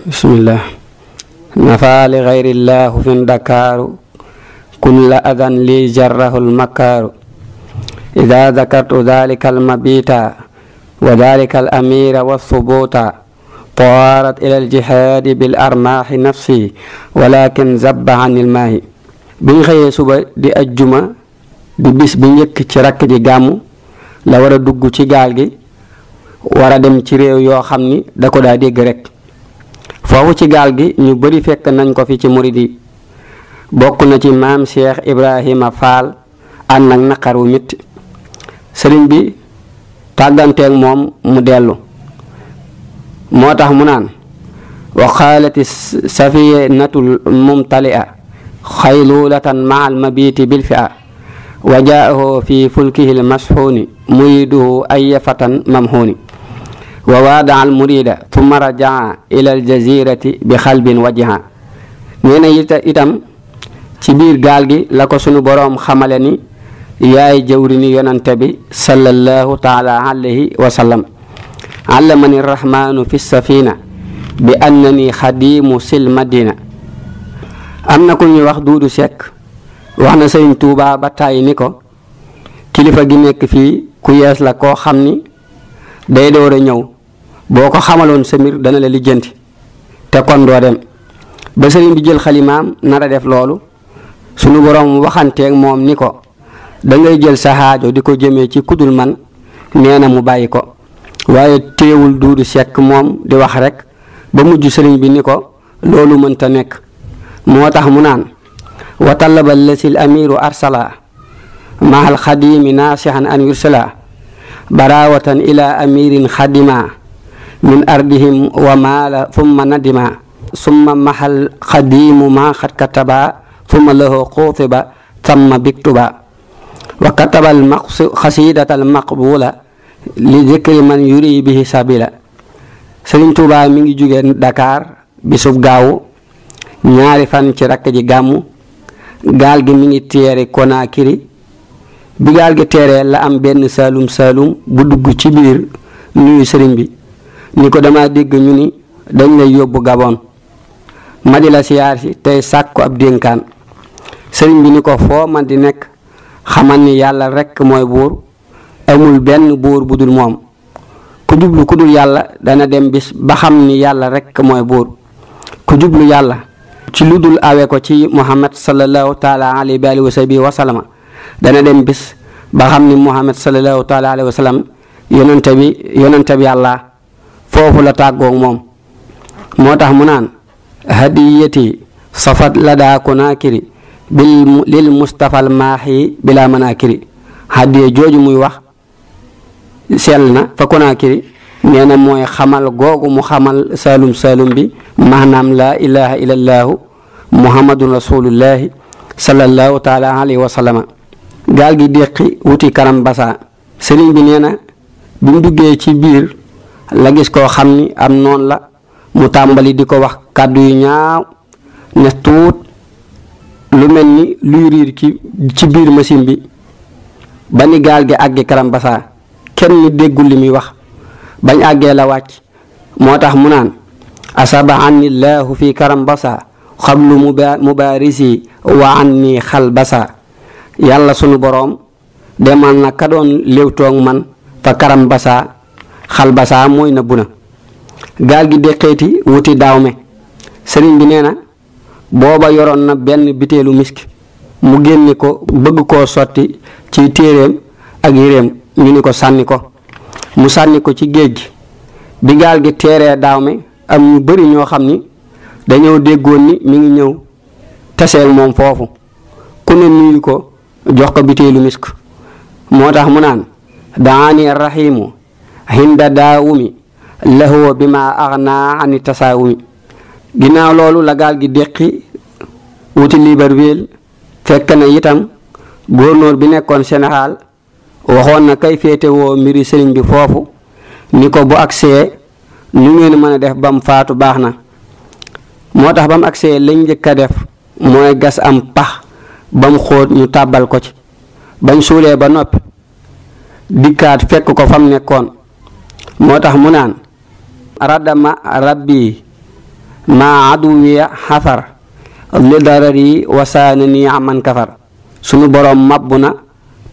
bismillah nafa li xayrillahu fin dakaaru kulla adan li jarrahul makkaaru ida dakartu dalika almabita wa dalika alamira walthubuta taarat ila aljihadi bil armaahi nafsi walakin zabba an ilmaahi bi nga suba di ajjuma di bis bi njëkk ci rakk ji gàmmu la war a ci gaal gi wara dem ci réew yoo xam ni dako ko daa dégg rek foofu ci gaal gi ñu bari fekk nañ ko fi ci muridi bokku na ci maam cheikh ibrahima faal an nak naqar mit mitti sëriñ bi tàgganteeg moom mu dellu moo tax mu naan wa mumtali'a khaylulatan ma'al mabiti bil fi'a fi في فلكه muidu مريده أي فتى wa waadaa al murida thumma rajaa ila al bi xalbin wajiha nee na itam ci biir gaal gi la ko sunu boroom xamale ni yaay jëwri ni yonante bi sallallahu taala alayhi wa sallam allamani rahmaanu fi safina bi annani xadimu sil madina am na ku ñuy wax duudu sekk wax na sëriñ tuubaa ba tàyyi ni ko kilifa gi nekk fii ku yees la koo xam ni day door a ñëw boo ko xamaloon sa mbir dana la lijjanti te kon doo dem ba sëriñ bi jël xalimaam nar a def loolu sunu borom waxanteeg moom ni ko da ngay jël sa xaajo di ko jëmee ci kudul man nee na mu bàyyi ko waaye téewul duudu sekk moom di wax rekk ba mujj sëriñ bi ni ko loolu mënta nekk moo tax mu naan wa talaba lasil amiru arsala mahal xadimi naasihan an yursala barawatan ila amirin xadima min ardihim wa maala fumma nadima summa mahal xadimu ma xad kataba summa lahu xuutiba samma biktuba wa kataba xasidata almaqbula li dikri man yuri bihi sabila Sëriñ Tuubaa mi ngi jóge Dakar bisub gaawu ñaari fan ci rakk ji gàmmu gaal gi mi ngi téere Konaakiri bi gaal gi téré la am benn saalum saalum bu dugg ci biir nuyu sëriñ bi ni ko dama dégg ñu ni dañ lay yóbbu gabon ma di la siyaar si tey sàkku ab dénkaan sëriñ bi ni ko foo man di nekk xamal ni yàlla rek mooy buur amul benn buur bu dul moom ku jublu ku dul yàlla dana dem bis ba xam ni yàlla rek mooy buur ku jublu yàlla ci lu dul awe ko ci muhammad sallallahu taala alayhi wa sallam dana dem bis ba xam ni Muhammad sallallahu taala alayhi wa sallam yonente bi yonente bi yàlla foofu la tàggoog moom moo tax mu naan hadiyati safat la daa konaakiri bil lil mustafal maaxi bila manaakiri hadiya jooju muy wax sell na fa konaakiri nee na mooy xamal googu mu xamal salum salum bi maanaam laa ilaha illallahu muhammadun rasulullahi sallallahu taala alayhi wa gaal gi déqi wuti karam basa sëriñ bi nee na bi mu duggee ci biir la gis koo xam ni am noon la mu tàmbali di ko wax kàddu yu ñaaw ne tuut lu mel ni luy riir ci ci biir machine bi ba ni gaal gi àggi karam basa kenn ni déggul li muy wax bañ àggee la wàcc moo tax mu naan asaba anni llahu fi karam basa xablu mubarisi wa anni xal basa yàlla sunu boroom demal na ka doon léewtoog man fa karam basa xal basaa mooy na bu na gaal gi déqeeti wuti daaw me sëriñ bi nee na booba yoroon na benn biteelu misk mu génne ko bëgg koo sotti ci téeréem ak yéreem ñu ni ko sànni ko mu sànni ko ci géej gi bi gaal gi teeree daaw me am ñu bari ñoo xam ni dañoo déggoon ni mi ngi ñëw taseeg moom foofu ku ne nuyu ko jox ko biteelu misk moo mu naan daani rahimu hinda daawumi lahu bima aghna ani tasawumi ginaaw loolu la gaal gi deqi wuti libreville fekk na itam gouverneur bi nekkoon sénégal waxoon na kay fete woo mbiri sëriñ bi foofu ni ko bu agsee nu ngeen mën a def bam faatu baax na moo tax bam agsee lañ njëkk a def mooy gas am pax ba mu xóot ñu tàbbal ko ci bañ suulee ba noppi dikkaat fekk ko fam nekkoon moo tax mu naan radama rabbi ma aduwiya xafar li darari wasaana ni aman kafar sunu borom mabbu na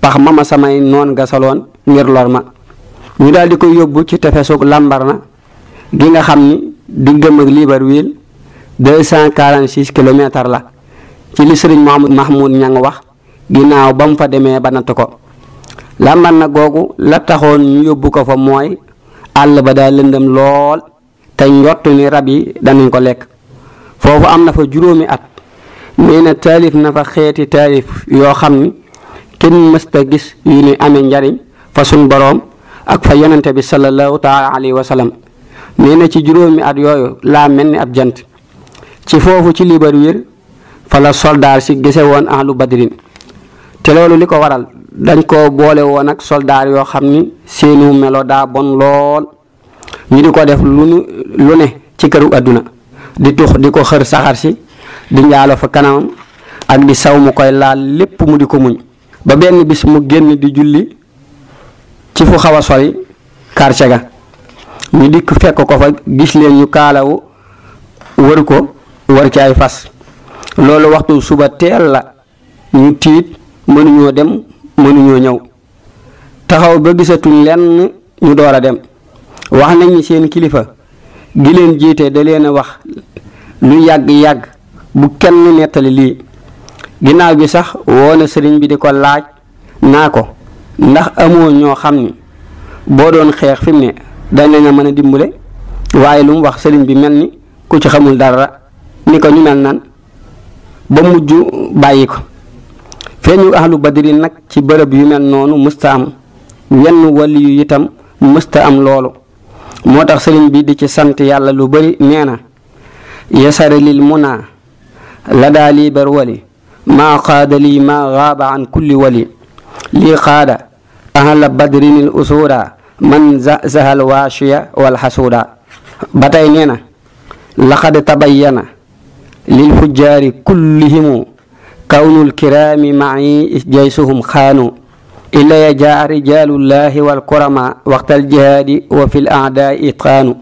pax ma ma samay noon gasaloon ngir lor ma ñu daal di ko yóbbu ci tefesug làmbar na gi nga xam ni diggam ak liibar wiil deux cent quarante six kilomètres la ci li sëriñ Mouhamadou Mahmoud Niang wax ginnaaw ba mu fa demee ba natt ko la man na googu la taxoon ñu yóbbu ko fa mooy àll ba daa lëndam lool te njott ni rab yi danañ ko lekk foofu am na fa juróomi at nee na taalif na fa xeeti taalif yoo xam ni kenn mësta gis yu ni amee njariñ fa suñ boroom ak fa yonente bi sallallahu taala alayhi wa sallam ci juróomi at yooyu laa mel ni ab jant ci foofu ci libar fa la soldaar si gise woon ahlu badrin te loolu li ko waral dañ koo boole woon ak soldaar yoo xam ni seenu melo daa bon lool ñu di ko def lu ne ci këru àdduna di tux di ko xër saxar si di njaalo fa kanamam ak di saw mu koy laal lépp mu di ko muñ ba benn bis mu génn di julli ci fu xaw a sori quartier ga ñu dikk fekk ko fa gis leen ñu kaalawu wër ko wër ci ay fas loolu waxtu suba teel la ñu tiit mënuñoo dem mënuñoo ñëw taxaw ba gisatuñ lenn ñu door a dem wax nañu seen kilifa gi leen jiite da leen a wax lu yàgg-yàgg bu kenn nettali lii ginnaaw bi sax woo na sëriñ bi di ko laaj naa ko ndax amoo ñoo xam ni boo doon xeex fi ne dañ leen a mën a dimbale waaye lu mu wax sëriñ bi mel ni ku ci xamul dara ni ko ñu mel nan ba mujj bàyyi ko feeñu ahlu badri nag ci bërëb yu mel noonu mësta am wenn wali yu itam mësta am loolu moo tax sëriñ bi di ci sant yàlla lu bari nee na yasara lil muna la daa lii bar wali maa xaada lii maa xaaba an kulli wali lii xaada ahla badrinil usuuda man zahal waashiya wal xasuuda ba tey nee na laxad tabayyana للفجار كلهم كون الكرام معي جيشهم خانوا إلا يجاء رجال الله والكرماء وقت الجهاد وفي الأعداء إتقان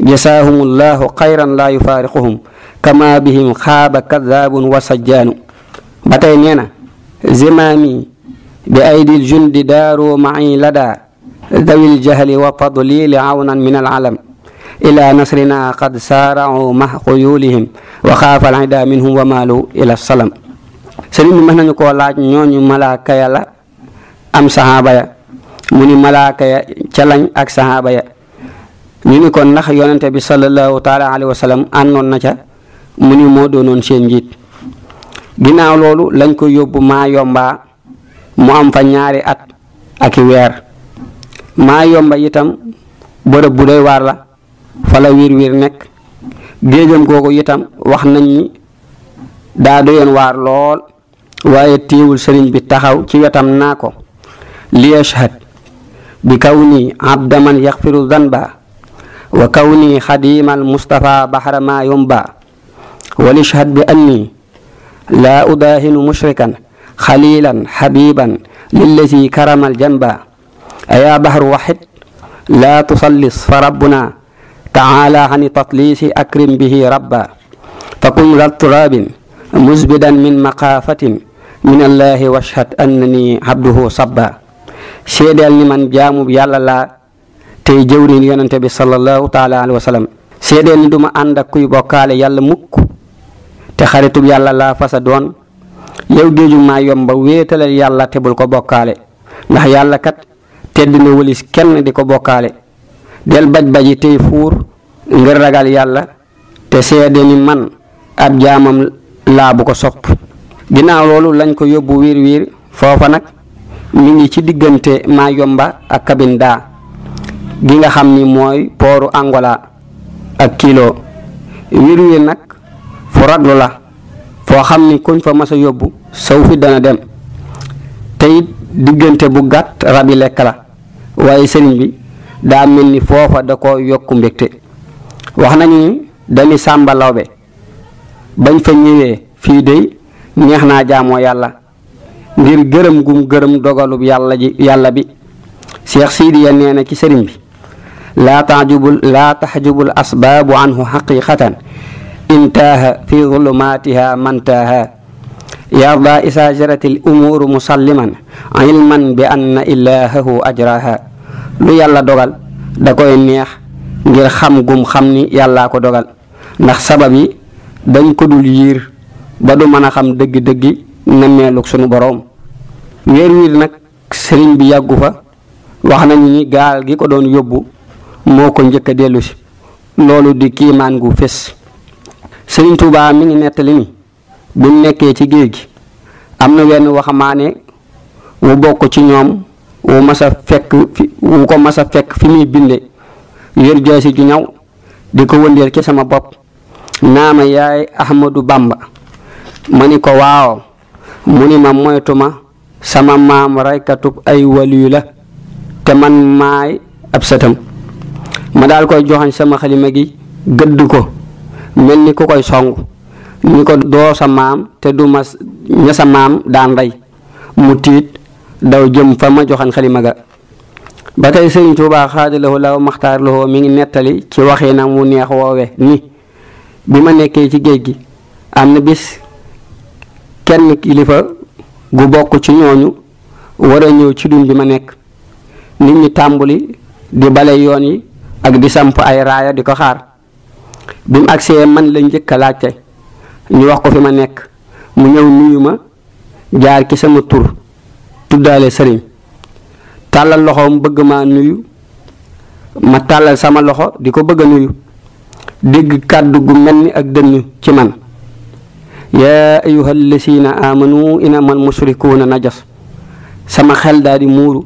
جساهم الله خيرا لا يفارقهم كما بهم خاب كذاب وسجان بتينينا زمامي بأيدي الجند داروا معي لدى ذوي الجهل وفضلي لعونا من العلم ila nasrina qad saarau ma xuyulihim wa xaafal ida minhum wa maalu ila salam sëriñ bi mën nañu koo laaj ñooñu malaaka la am saxaaba ya mu ni malaaka ca lañ ak saxaaba ya ñu ni kon ndax yonente bi sallallahu taala alayhi wa sallam àndoon na ca mu ni moo doonoon seen njiit ginnaaw loolu lañ ko yóbbu maa yomba mu am fa ñaari at ak i weer maa yomba itam bërëb bu doy waar la fa la wiir wiir nekk géejam googu itam wax nañ ni daa doyoon waar lool waaye tiiwul sëriñ bi taxaw ci wetam naa ko li yashhad bi kawni abdaman yaxfiru zanba wa kawni xadimal mustafa baxra ma yomba wa lishhad bi anni laa udaahinu mushrikan xalilan xabiban lillazi karamal janba ayaa baxru waxid laa tusallis fa rabbuna taala xani tatliisi akrim bihi rabba fa kun la turabin musbidan min maqaafatin min allahi washhad annani abduhu sabba seedeel ni man jaamu yàlla laa tey jëwriñ yonente bi sallallahu taala alayhi wa sallam seedeel ni duma ànd kuy bokkaale yàlla mukk te xaritub yàlla laa fasa doon yow géeju maa yomba wéetalal yàlla te ko bokkaale ndax yàlla kat tedd na wëlis di ko bokkaale del baj baji tey fuur ngir ragal yàlla te seede ni man ab jaamam laa bu ko sopp ginnaaw loolu lañ ko yóbbu wiir wiir foofa nag mi ngi ci diggante maa yomba ak kabinda gi nga xam ni mooy pooru Angola ak kilo wiir wiir nag fu raglu la foo xam ni kuñ fa mas a yóbbu saw fi dana dem tey diggante bu gàtt rab lekk la waaye sëriñ bi daa ni foofa da yokk yokku wax nañu ni dañu sàmba lawbe bañ fa ñëwee fii de neex naa jaamoo yàlla ngir gërëm gum gërëm dogalub yàlla ji yàlla bi Cheikh Sidiya nee na ci sëriñ bi laa taxjubul laa taxjubul asbaabu anhu xaqiqatan intaaha fi zulumaatiha mantaaha yarda isaa jaratil umuuru musalliman ilman bi anna ilaahahu ajraha lu yàlla dogal da koy neex ngir xam gum xam ni yàllaa ko dogal ndax sabab yi dañ ko dul yiir ba du mën a xam dëgg-dëggi nemmeelug sunu boroom weer wii nag sëriñ bi yàggu fa wax nañu ni gaal gi ko doon yóbbu moo ko njëkk a dellu si loolu di kiimaan gu fés sëriñ Tuubaa mi ngi nettali ni bi nekkee ci géej gi am na wenn waxamaane wu bokk ci ñoom wu sa fekk wu ko masa fekk fi muy binde yor jaasi ju ñaw di ko wëndeel ci sama bopp naama yaay ahmadu bamba ma ni ko waaw mu ni ma moytuma sama maam raykatub ay waliyu la te man maay ab satam ma daal koy joxañ sama xalima gi gëdd ko mel ni ku koy song ni ko doo sa maam te du ma ña sa daan rey mu tiit daw jëm fa ma joxan xalima ga ba tey sëriñ Tuubaa xaadalawoo law maxtaar lawoo mi ngi nettali ci waxinam wu neex woowe ni bi ma nekkee ci géej gi am na bis kenn kilifa gu bokk ci ñooñu war a ñëw ci dun bi ma nekk nit ñi tàmbuli di bale yoon yi ak di samp ay raaya di ko xaar bi mu agsee man la njëkk a laajte ñu wax ko fi ma nekk mu ñëw nuyu ma jaar ci sama tur tuddaale sëriñ tàllal loxoom bëgg maa nuyu ma tàllal sama loxo di ko bëgg nuyu dégg kàddu gu mel ni ak dënn ci man ya ayuha lasina amanu inamal musrikuuna najas sama xel daa di muuru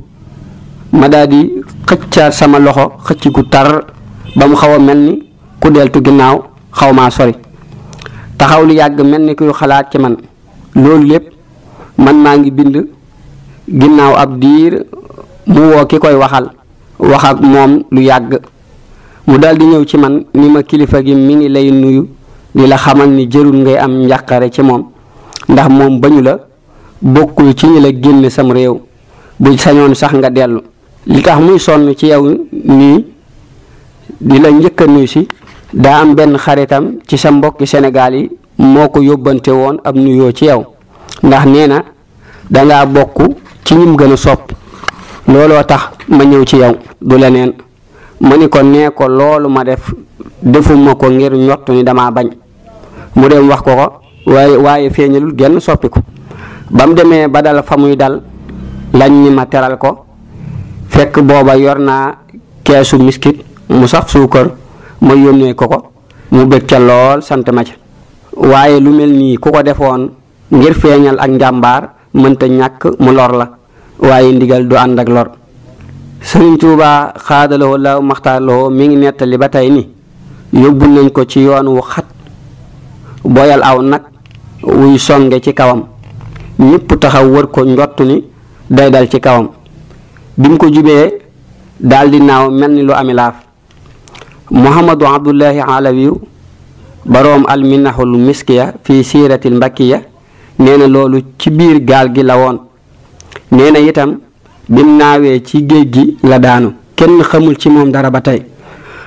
ma daa di xëccaat sama loxo xëcc gu tar ba mu xaw a mel ni ku deltu ginnaaw xaw maa sori taxaw lu yàgg mel ni kuy xalaat ci man loolu lépp man maa ngi bind ginnaaw ab diir mu woo ki koy waxal wax ak moom lu yàgg mu daldi ñëw ci man ni ma kilifa gi mi ngi lay nuyu di la xamal ni jërul ngay am njàqare ci moom ndax moom bañu la bokkul ci ñi la génn sam réew bu sañoon sax nga dellu li tax muy sonn ci yow nii di la njëkk a nuyu si daa am benn xaritam ci sa mbokki Sénégal yi moo ko yóbbante woon ab nuyoo ci yow ndax nee na dangaa bokk ci ñum gëna sopp looloo tax ma ñëw ci yow du leneen ma ni ko nee ko loolu ma def defuma ko ngir ñott ni dama bañ mu dem wax ko ko waaye waaye feeñalul genn soppi ko ba mu demee ba dal fa muy dal lañ ni ma teral ko fekk booba yor naa keesu miskit mu suu suukar ma yónnee ko ko mu bëgg lool sant ma ca waaye lu mel nii ku ko defoon ngir feeñal ak njàmbaar mënta ñàkk mu lor la waaye ndigal du ànd ak lor sëriñ Tuubaa xaadaloo la maxtaarloo mi ngi nettali ba tey ni yóbbu lañ ko ci yoon wu xat boyal aw nag wuy songe ci kawam ñépp taxaw wër ko njott ni day dal ci kawam bi mu ko jubee daldi naaw mel ni lu ami laaf muhammadu abdullahi alawiyu boroom alminahul miskiya fi siiratil mbakkiya nee na loolu ci biir gaal gi lawoon woon nee na ci géej gi la daanu kenn xamul ci moom dara ba tey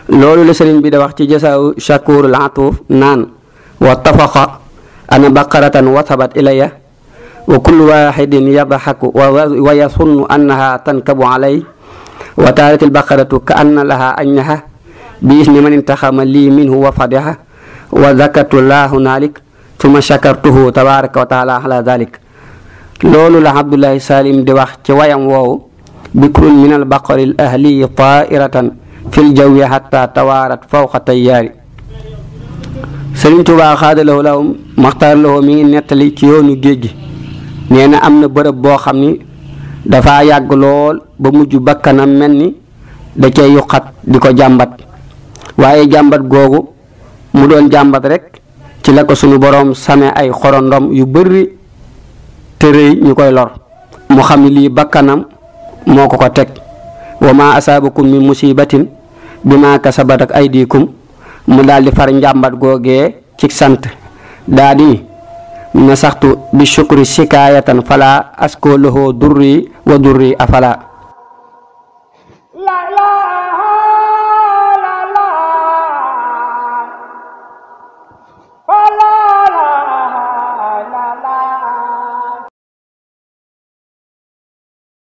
loolu la sëriñ bi da wax ci jasaawu shakur laatuuf naan wa tafaqa ana baqaratan wasabat ilaya wa kullu waxidin yadxaku wa yasunnu annaha tankabu alay wa taarat albaqaratu ka anna laha aññaha bi isni man intaxama lii minhu wa fadiha wa zakatu laahu naalik suma shakartuhu tabaraka wa taala ala dalik loolu la abdullahi salim di wax ci wayam woowu bikrun min al baqari al ahliyi tairatan fil jawwi hatta tawaarat fawqa tayyaari sëriñ Tuubaa xaadalawu lawum maxtaar lawoo mi ngi nettali ci yoonu géej gi nee na am na bërëb boo xam ni dafa yàgg lool ba mujj bakkanam mel ni da cay yuqat di ko jàmbat waaye jàmbat googu mu doon jàmbat rek ci la ko suñu boroom same ay xorondom yu bëri te rëy ñu koy lor mu xam lii bakkanam moo ko ko teg wa ma asaabakum min musibatin bi ma kasabat ak aydikum mu daal far njàmbat googee ci sant daa na saxtu bi shukri sikaayatan fala asko loxo durri wa durri afala